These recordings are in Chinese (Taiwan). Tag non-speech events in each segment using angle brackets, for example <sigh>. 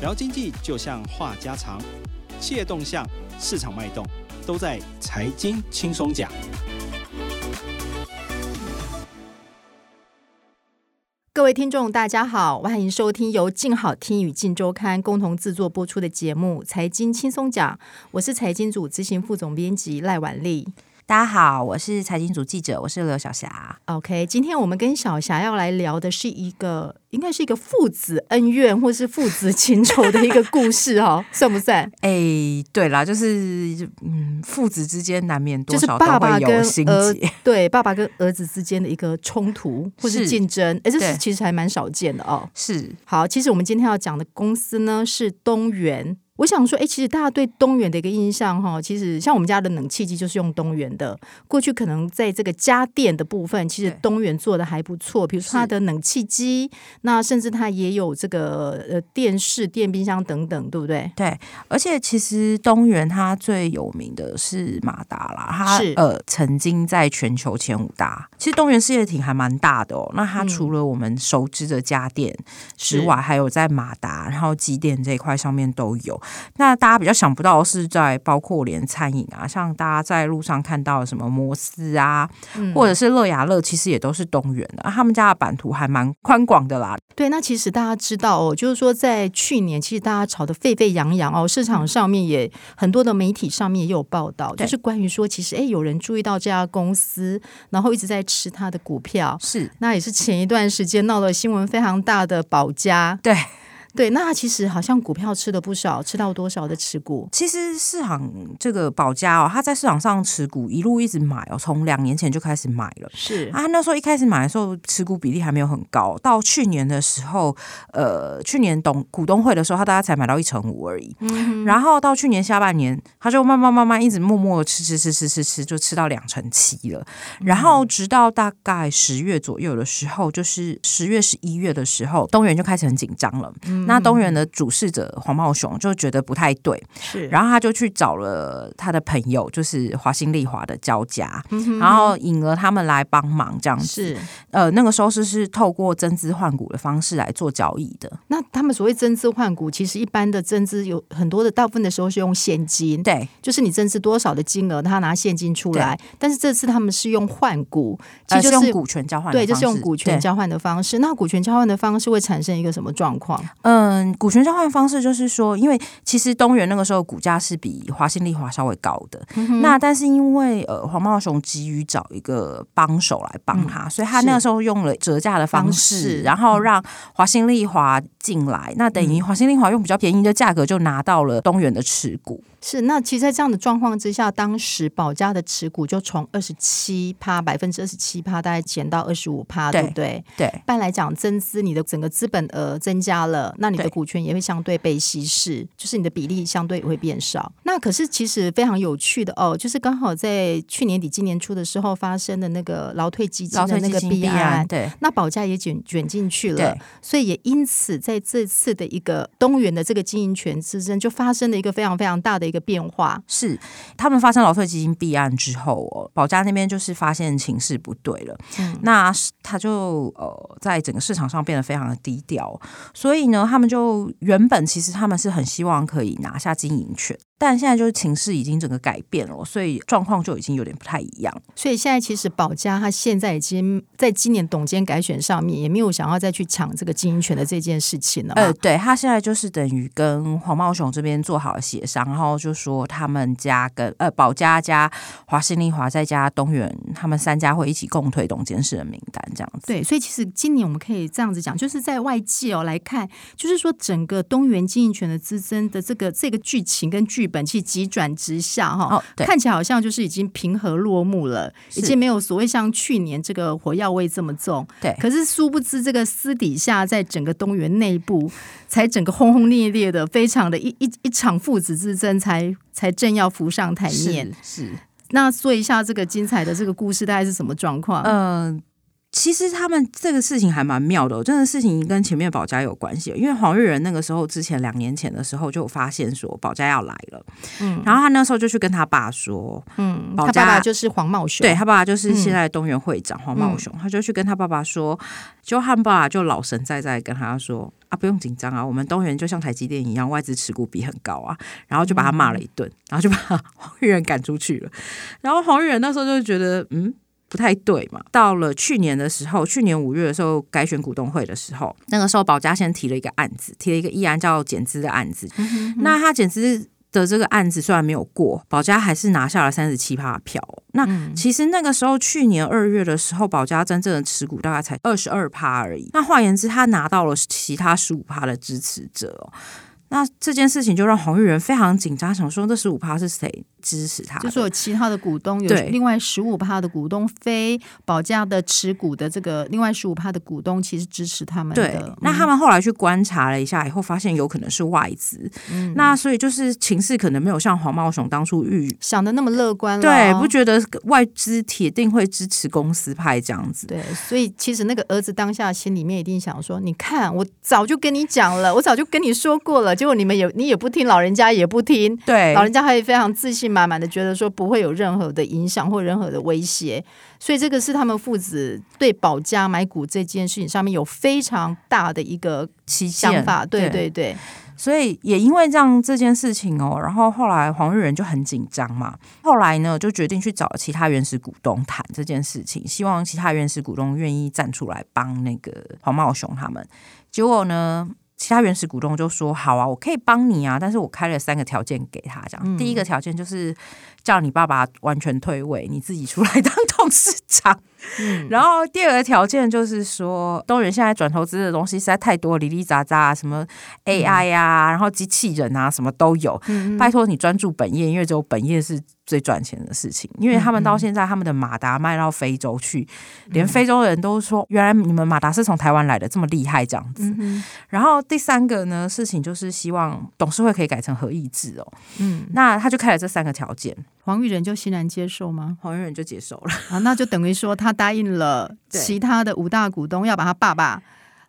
聊經濟就像話家常，企業動向、市場脈動，都在財經輕鬆講。各位聽眾，大家好，歡迎收聽由鏡好聽與鏡週刊共同製作播出的節目《財經輕鬆講》，我是財經組執行副總編輯賴婉麗。大家好，我是財經組記者，我是劉小霞。OK，今天我們跟小霞要來聊的是一個，應該是一個父子恩怨或是父子情仇的一個故事哦、喔， <laughs> 算不算？哎、欸，對啦，就是嗯，父子之間難免多少、嗯、就是爸爸跟兒子對爸爸跟兒子之間的一個衝突或者是競爭，哎、欸，這其實還蠻少見的哦、喔。是，好，其實我們今天要講的公司呢，是東元。我想說誒，其實大家對東元的一個印象，哈，其實像我們家的冷氣機就是用東元的。過去可能在這個家電的部分，其實東元做的還不錯，比如說它的冷氣機，那甚至它也有這個呃電視、電冰箱等等，對不對？對。而且其實東元它最有名的是馬達啦，它是呃曾經在全球前五大。其實東元事業體還蠻大的哦。那它除了我們熟知的家電、之、嗯、外，還有在馬達、然後機電這一塊上面都有。那大家比較想不到的是在包括連餐飲啊，像大家在路上看到什麼摩斯啊，嗯、或者是樂雅樂，其實也都是東元的、啊，他們家的版圖還蠻寬廣的啦。對，那其實大家知道哦，就是說在去年，其實大家吵得沸沸揚揚哦，市場上面也、嗯、很多的媒體上面也有報道，就是關於說，其實哎、欸，有人注意到這家公司，然後一直在吃它的股票，是。那也是前一段時間鬧了新聞非常大的保家，對。對，那他其實好像股票吃的不少，吃到多少的持股？其實市場這個寶佳哦，他在市場上持股一路一直買哦，從兩年前就開始買了。是啊，那時候一開始買的時候持股比例還沒有很高，到去年的時候，呃，去年董股東會的時候，他大概才買到一成五而已。嗯。然後到去年下半年，他就慢慢慢慢一直默默吃吃吃吃吃吃，就吃到兩成七了。嗯。然後直到大概十月左右的時候，就是十月十一月的時候，東元就開始很緊張了。嗯。那東元的主事者黃茂雄就覺得不太對，是，然後他就去找了他的朋友，就是華新麗華的焦家、嗯，然後引了他們來幫忙這樣子，是，呃，那個時候是是透過增資換股的方式來做交易的。那他們所謂增資換股，其實一般的增資有很多的，大部分的時候是用現金，對，就是你增資多少的金額，他拿現金出來，但是這次他們是用換股，其實就是、呃、是用股權交換的方式，對，就是用股權、股權交換的方式。那股權交換的方式會產生一個什麼狀況？呃嗯，股權交換方式就是說，因為其實東元那個時候股價是比華新麗華稍微高的、嗯，那但是因為呃黃茂雄急於找一個幫手來幫他、嗯，所以他那個時候用了折價的方式，方式，然後讓華新麗華進來、嗯，那等於華新麗華用比較便宜的價格就拿到了東元的持股。是，那其實，在這樣的狀況之下，當時寶佳的持股就從二十七趴、百分之二十七趴，大概減到二十五趴，對不對？對。一般來講，增資，你的整個資本額增加了，那你的股權也會相對被稀釋，就是你的比例相對也會變少。可是其實非常有趣的哦，就是剛好在去年底、今年初的時候發生的那個勞退基金的那個弊案，勞退基金弊案，對，那保家也卷捲進去了，對，所以也因此在這次的一個東元的這個經營權之爭，就發生了一個非常非常大的一個變化。是他們發生勞退基金弊案之後哦，保家那邊就是發現情勢不對了，嗯，那他就呃在整個市場上變得非常的低調，所以呢，他們就原本其實他們是很希望可以拿下經營權，但現現在就是情勢已經整個改變了，所以狀況就已經有點不太一樣。所以現在其實保家他現在已經在今年董監改選上面也沒有想要再去搶這個經營權的這件事情了。呃，對他現在就是等於跟黃茂雄這邊做好了協商，然後就說他們家跟呃保家加華新麗華再加東元，他們三家會一起共推董監事的名單這樣子。對，所以其實今年我們可以這樣子講，就是在外界哦來看，就是說整個東元經營權的之爭的這個這個劇情跟劇本。氣急轉直下哈，看起來好像就是已經平和落幕了，oh，已經沒有所謂像去年這個火藥味這麼重。對，可是殊不知這個私底下在整個東元內部，才整個轟轟烈烈的，非常的一一一場父子之爭才，才才正要浮上台面是。是，那說一下這個精彩的這個故事大概是什麼狀況？嗯、呃。其實他們這個事情還蠻妙的、哦，我真的事情跟前面保家有關係，因為黃玉仁那個時候之前兩年前的時候就有發現說保家要來了，嗯，然後他那時候就去跟他爸說，嗯，家他爸爸就是黃茂雄，對他爸爸就是現在東元會長、嗯、黃茂雄，他就去跟他爸爸說，嗯、就他爸就老神在在跟他說啊，不用緊張啊，我們東元就像台積電一樣，外資持股比很高啊，然後就把他罵了一頓，嗯、然後就把黃玉仁趕出去了，然後黃玉仁那時候就覺得嗯。不太對嘛？到了去年的時候，去年五月的時候改選股東會的時候，那個時候保家先提了一個案子，提了一個議案叫減資的案子。嗯、哼哼那他減資的這個案子雖然沒有過，保家還是拿下了三十七趴的票。那其實那個時候、嗯、去年二月的時候，保家真正的持股大概才二十二趴而已。那換言之，他拿到了其他十五趴的支持者、哦那這件事情就讓黃育仁非常緊張，想說這十五趴是誰支持他，就是有其他的股東，有另外十五趴的股東非保價的持股的這個另外十五趴的股東其實支持他們的對。那他們後來去觀察了一下以後，發現有可能是外資、嗯。那所以就是情勢可能沒有像黃茂雄當初預想的那麼樂觀了。對，不覺得外資鐵定會支持公司派這樣子。對，所以其實那個兒子當下心裡面一定想說，你看，我早就跟你講了，我早就跟你說過了。 <laughs> 結果你們也你也不聽，老人家也不聽，對，老人家還非常自信滿滿的，覺得說不會有任何的影響或任何的威脅，所以這個是他們父子對寶佳買股這件事情上面有非常大的一個想法，期限，對對對，對，所以也因為這樣這件事情哦，然後後來黃育仁就很緊張嘛，後來呢就決定去找其他原始股東談這件事情，希望其他原始股東願意站出來幫那個黃茂雄他們，結果呢？其他原始股東就說：“好啊，我可以幫你啊，但是我開了三個條件給他，這樣、嗯。第一個條件就是叫你爸爸完全退位，你自己出來當董事長、嗯。然後第二個條件就是說，東元現在轉投資的東西實在太多，里里雜雜，什麼 AI 呀、啊嗯，然後機器人啊，什麼都有。嗯、拜托你專注本業，因為只有本業是。”最賺錢的事情，因為他們到現在，嗯嗯他們的馬達賣到非洲去，連非洲人都說，嗯、原來你們馬達是從台灣來的，這麼厲害這樣子，嗯嗯。然後第三個呢，事情就是希望董事會可以改成合議制哦。嗯，那他就開了這三個條件，黃育仁就欣然接受嗎？黃育仁就接受了啊，那就等於說他答應了其他的五大股東要把他爸爸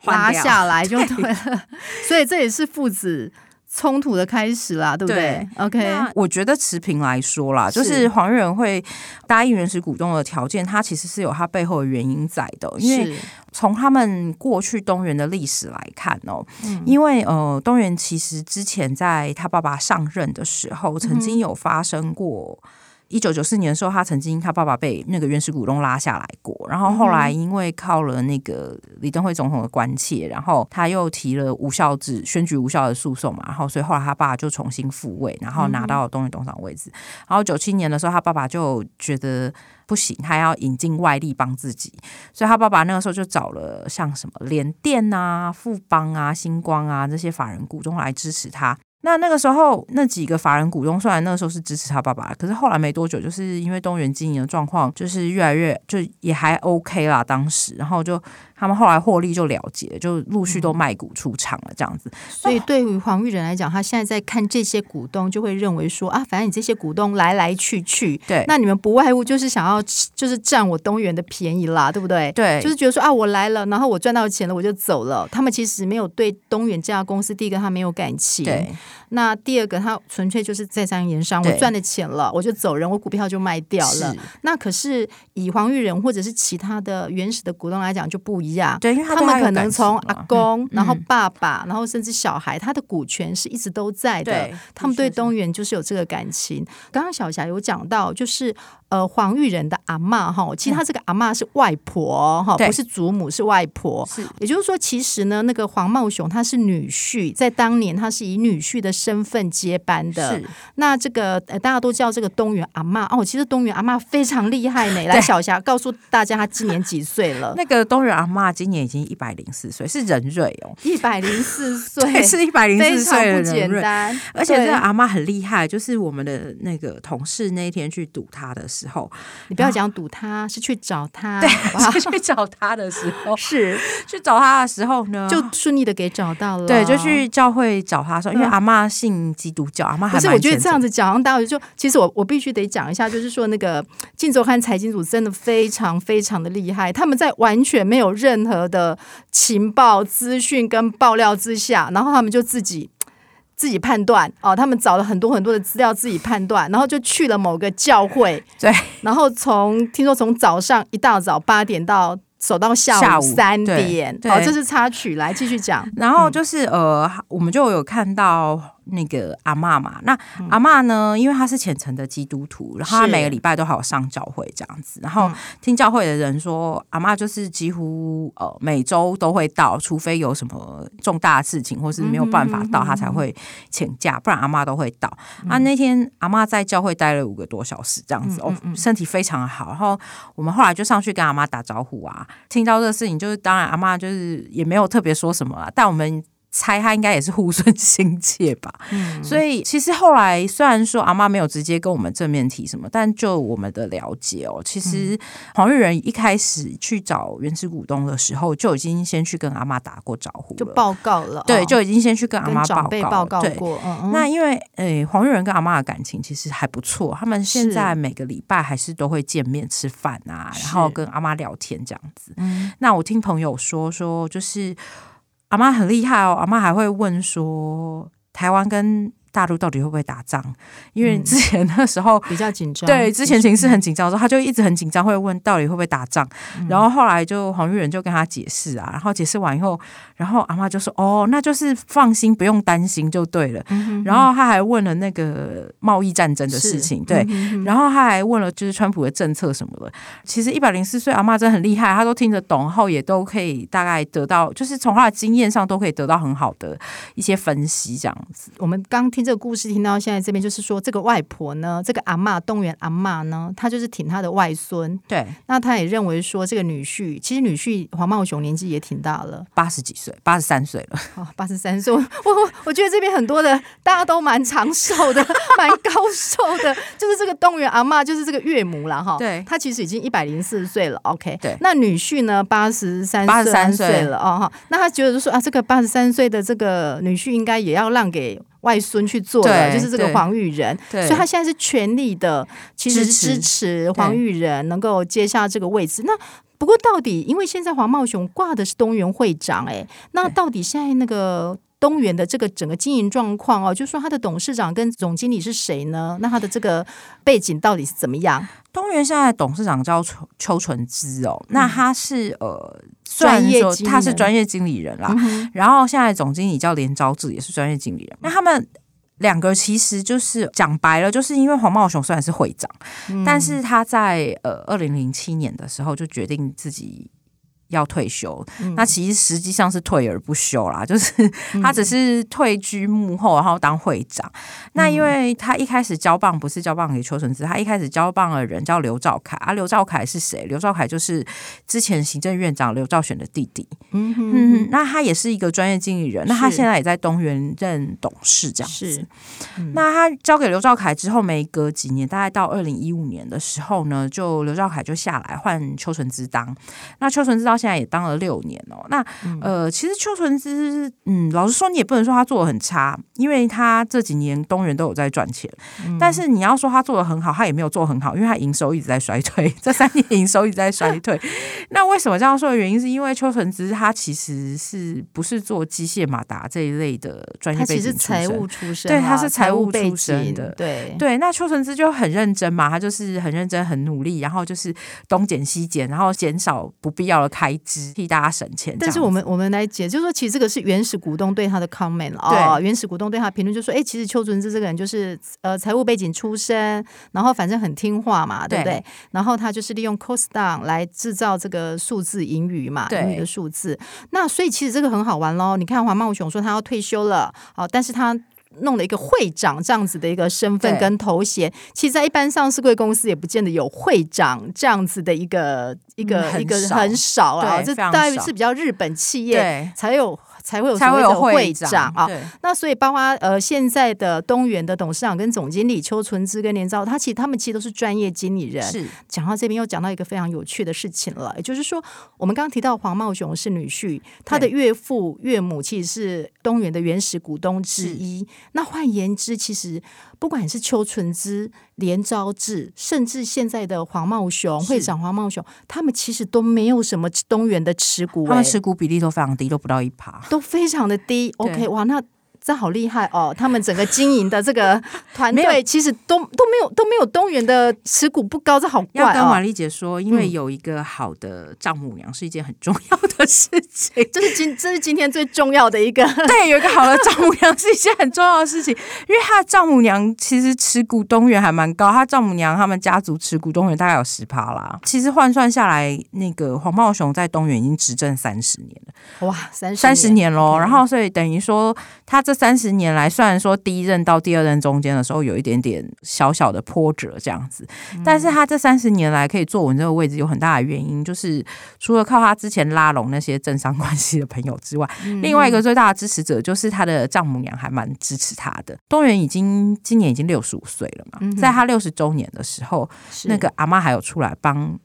拿下來，就對，了了對 <laughs> 所以這也是父子。衝突的開始啦，對不對，對？OK，那我覺得持平來說啦，是就是黃育仁會答應原始股東的條件，他其實是有他背後的原因在的。因為從他們過去東元的歷史來看哦、喔，因為呃，東元其實之前在他爸爸上任的時候，曾經有發生過、嗯。嗯一九九四年的時候，他曾經他爸爸被那個原始股東拉下來過，然後後來因為靠了那個李登輝總統的關切，然後他又提了無效制選舉無效的訴訟嘛，然後所以後來他爸就重新復位，然後拿到了東元董事長位置。嗯、然後九七年的時候，他爸爸就覺得不行，他要引進外力幫自己，所以他爸爸那個時候就找了像什麼聯電啊、富邦啊、星光啊這些法人股東來支持他。那那個時候，那幾個法人股東雖然那個時候是支持他爸爸，可是後來沒多久，就是因為東元經營的狀況，就是越來越就也還 OK 啦。當時，然後就他們後來獲利就了結，就陸續都賣股出場了這樣子。嗯啊、所以對於黃育仁來講，他現在在看這些股東，就會認為說啊，反正你這些股東來來去去，對，那你們不外乎就是想要就是佔我東元的便宜啦，對不對？對，就是覺得說啊，我來了，然後我賺到錢了，我就走了。他們其實沒有對東元這家公司，第一個他沒有感情。對那第二個，他純粹就是在商言商，我賺了錢了，我就走人，我股票就賣掉了。那可是以黃玉仁或者是其他的原始的股東來講就不一樣，對他，他們可能從阿公，嗯、然後爸爸、嗯，然後甚至小孩，他的股權是一直都在的。對，他們對東元就是有這個感情。剛剛小霞有講到，就是呃黃玉仁的阿嬤。哈，其實他這個阿嬤是外婆哈、嗯、哦，不是祖母，是外婆是。也就是說，其實呢，那個黃茂雄他是女婿，在當年他是以女婿。的身份接班的，是那這個、呃、大家都叫這個東元阿嬤哦，其實東元阿嬤非常厲害呢。 <laughs> 來小，小霞告訴大家，她今年幾歲了？ <laughs> 那個東元阿嬤今年已經一百零四歲，是人瑞哦，喔，一百零四歲，是一百零四歲的人瑞，非常不簡單。而且這個阿嬤很厲害，就是我們的那個同事那一天去堵他的時候，你不要講堵他，是去找他，對， <laughs> 是去找他的時候，是去找他的時候呢，就順利的給找到了。對，就去教會找他說，因為阿嬤。媽信基督教，阿嬤是。可是我覺得這樣子講，讓待會就，其實我我必須得講一下，就是說那個鏡週刊財經組真的非常非常的厲害，他們在完全沒有任何的情報、資訊跟爆料之下，然後他們就自己自己判斷哦，他們找了很多很多的資料自己判斷，然後就去了某個教會，對，然後從聽說從早上一大早八點到。守到下午三點，下午，對對，好，這是插曲，來繼續講。然後就是，嗯、呃，我們就有看到。那個阿嬤嘛，那阿嬤呢、嗯？因為她是虔誠的基督徒，然後她每個禮拜都還有上教會這樣子。然後聽教會的人說，阿嬤就是幾乎呃每週都會到，除非有什麼重大的事情或是沒有辦法到，她、嗯嗯、才會請假。不然阿嬤都會到、嗯。啊，那天阿嬤在教會待了五個多小時這樣子嗯嗯嗯，哦，身體非常好。然後我們後來就上去跟阿嬤打招呼啊，聽到這個事情，就是當然阿嬤就是也沒有特別說什麼了，但我們。猜他應該也是護孫心切吧、嗯，嗯、所以其實後來雖然說阿媽沒有直接跟我們正面提什麼，但就我們的了解哦、喔，其實黃玉仁一開始去找原始股東的時候，就已經先去跟阿媽打過招呼，就報告了，對，就已經先去跟阿媽報告了、哦、報告過。嗯嗯那因為誒、呃，黃玉仁跟阿媽的感情其實還不錯，他們現在每個禮拜還是都會見面吃飯啊，然後跟阿媽聊天這樣子。嗯、那我聽朋友說說就是。阿嬤很厲害哦，阿嬤還會問說，台灣跟大陸到底會不會打仗？因為之前那時候、嗯、比較緊張，對，之前形勢很緊張的時候，他就一直很緊張，會問到底會不會打仗。嗯、然後後來就黃育仁就跟他解釋啊，然後解釋完以後，然後阿嬤就說：“哦，那就是放心，不用擔心就對了。嗯哼哼”然後他還問了那個貿易戰爭的事情，對、嗯哼哼，然後他還問了就是川普的政策什麼的。其實一百零四歲阿嬤真的很厲害，她都聽得懂，後也都可以大概得到，就是從她的經驗上都可以得到很好的一些分析。這樣子，我們剛。這個故事聽到現在這邊，就是說這個外婆呢，這個阿嬤、東元阿嬤呢，她就是挺她的外孫。對，那她也認為說，這個女婿其實女婿黃茂雄年紀也挺大了，八十幾歲，八十三歲了。哦，八十三歲，我我，我覺得這邊很多的大家都蠻長壽的，蠻 <laughs> 高壽的。就是這個東元阿嬤，就是這個岳母了哈、哦。對，她其實已經一百零四歲了。OK，對。那女婿呢，八十三，八十三歲了哦哈。那他覺得就說啊，這個八十三歲的這個女婿應該也要讓給。外孫去做的，就是這個黃育仁，所以他現在是全力的，其實支持黃育仁能夠接下這個位置。那不過到底，因為現在黃茂雄掛的是東元會長、欸，哎，那到底現在那個？東元的這個整個經營狀況哦，就是、說他的董事長跟總經理是誰呢？那他的這個背景到底是怎麼樣？東元現在董事長叫邱純枝哦、嗯，那他是呃，雖然他是專業經理人啦、嗯，然後現在總經理叫連昭志，也是專業經理人。嗯、那他們兩個其實就是講白了，就是因為黃茂雄雖然是會長，嗯、但是他在呃二零零七年的時候就決定自己。要退休，嗯，那其實實際上是退而不休啦，就是他只是退居幕後，然後當會長，嗯。那因為他一開始交棒不是交棒給邱純枝，他一開始交棒的人叫劉兆凱。啊，劉兆凱是誰？劉兆凱就是之前行政院長劉兆玄的弟弟。嗯哼哼哼嗯，那他也是一個專業經理人，那他現在也在東元任董事這樣，是是，嗯、那他交給劉兆凱之後，沒隔幾年，大概到二零一五年的時候呢，就劉兆凱就下來換邱純枝當。那邱純枝到現在也當了六年哦、喔，那呃，其實邱純枝，嗯，老實說，你也不能說他做的很差，因為他這幾年東元都有在賺錢、嗯。但是你要說他做的很好，他也沒有做得很好，因為他營收一直在衰退，這三年營收一直在衰退。 <laughs> 那為什麼這樣說的原因是，是因為邱純枝他其實是不是做機械馬達這一類的專業，他其實財務出身、啊？對，他是財務出身的。對對，那邱純枝就很認真嘛，他就是很認真、很努力，然後就是東減西減，然後減少不必要的開業。來值替大家省錢，但是我們我們來解，就是說，其實這個是原始股東對他的 comment 哦，原始股東對他評論就說，哎，其實邱純枝這個人就是呃財務背景出身，然後反正很聽話嘛，對不對，對？然後他就是利用 cost down 來製造這個數字盈餘嘛，對的數字。那所以其實這個很好玩嘍，你看黃茂雄說他要退休了，好、哦，但是他。弄了一個會長這樣子的一個身份跟頭銜，其實，在一般上市櫃公司也不見得有會長這樣子的一個、嗯、一個一個很少啊，這大約是比較日本企業才有。才會有所謂的會長，會會長啊，對，那所以包括呃現在的東元的董事長跟總經理邱純枝跟連昭志，他其實他們其實都是專業經理人。講到這邊又講到一個非常有趣的事情了，也就是說，我們剛剛提到黃茂雄是女婿，他的岳父岳母其實是東元的原始股東之一。那換言之，其實。不管是邱純枝、連昭志，甚至現在的黃茂雄會長黃茂雄，他們其實都沒有什麼東元的持股、欸，他們持股比例都非常低，都不到一趴，都非常的低。OK，哇，那。這好厲害哦！他們整個經營的這個團隊，其實都 <laughs> 沒都沒有都沒有東元的持股，不高，這好怪啊，哦！要跟瑪麗姐說，嗯，因為有一個好的丈母娘是一件很重要的事情，這是今這是今天最重要的一個。 <laughs> 對，有一個好的丈母娘是一件很重要的事情， <laughs> 因為他的丈母娘其實持股東元還蠻高，他丈母娘他們家族持股東元大概有十趴啦。其實換算下來，那個黃茂雄在東元已經執政三十年了，哇，三十三十年嘍！然後所以等於說他。這三十年來，雖然說第一任到第二任中間的時候有一點點小小的波折這樣子，嗯、但是他這三十年來可以坐穩這個位置，有很大的原因，就是除了靠他之前拉攏那些政商關係的朋友之外，嗯、另外一個最大的支持者就是他的丈母娘，還蠻支持他的。東元已經今年已經六十五歲了嘛，嗯、在他六十週年的時候，那個阿嬤還有出來幫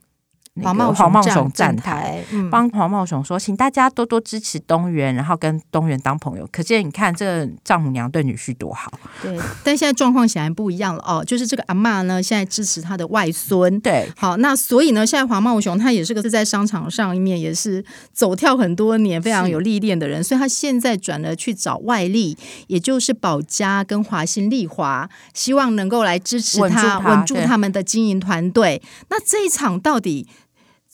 那個、茂黃茂雄站台，幫、嗯、黃茂雄說，請大家多多支持東元，然後跟東元當朋友。可見你看，這丈母娘對女婿多好。對， <laughs> 但現在狀況顯然不一樣了哦。就是這個阿嬤呢，現在支持他的外孫。對，好，那所以呢，現在黃茂雄他也是個在商場上一面也是走跳很多年，非常有歷練的人，所以他現在轉了去找外力，也就是寶佳跟華新麗華，希望能夠來支持他，穩住，住他們的經營團隊。那這一場到底？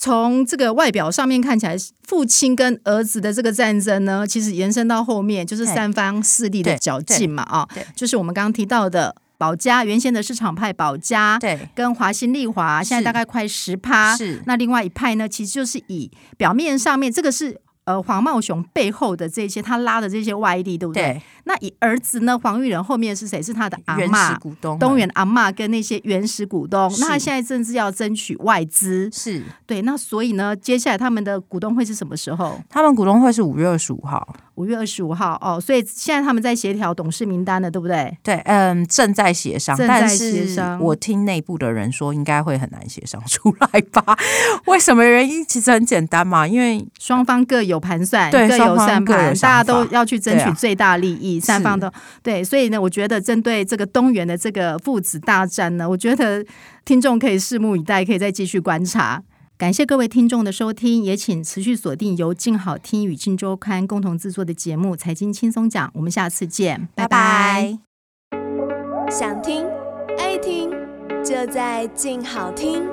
從這個外表上面看起來，父親跟兒子的這個戰爭呢，其實延伸到後面就是三方勢力的較勁嘛，啊、哦，就是我們剛剛提到的寶佳，原先的市場派寶佳，對，跟華新麗華，現在大概快十趴，是、是那另外一派呢，其實就是以表面上面這個是。呃，黃茂雄背後的這些，他拉的這些外力，對不對？對，那以兒子呢？黃玉仁後面是誰？是他的阿嬤股東，東元阿嬤跟那些原始股東。那他現在正是要爭取外資，是對。那所以呢，接下來他們的股東會是什麼時候？他們股東會是五月二十五號。五月二十五號哦，所以現在他們在協調董事名單了，對不對？對，嗯、呃，正在協商，但是我聽內部的人說，應該會很難協商出來吧？為什麼原因？其實很簡單嘛，因為雙方各有盤算，各有算盤，大家都要去爭取最大利益、啊，三方都對。所以呢，我覺得針對這個東元的這個父子大戰呢，我覺得聽眾可以拭目以待，可以再繼續觀察。感謝各位聽眾的收聽，也請持續鎖定由鏡好聽與鏡週刊共同製作的節目《財經輕鬆講》，我們下次見，拜拜。想聽，愛聽，就在鏡好聽。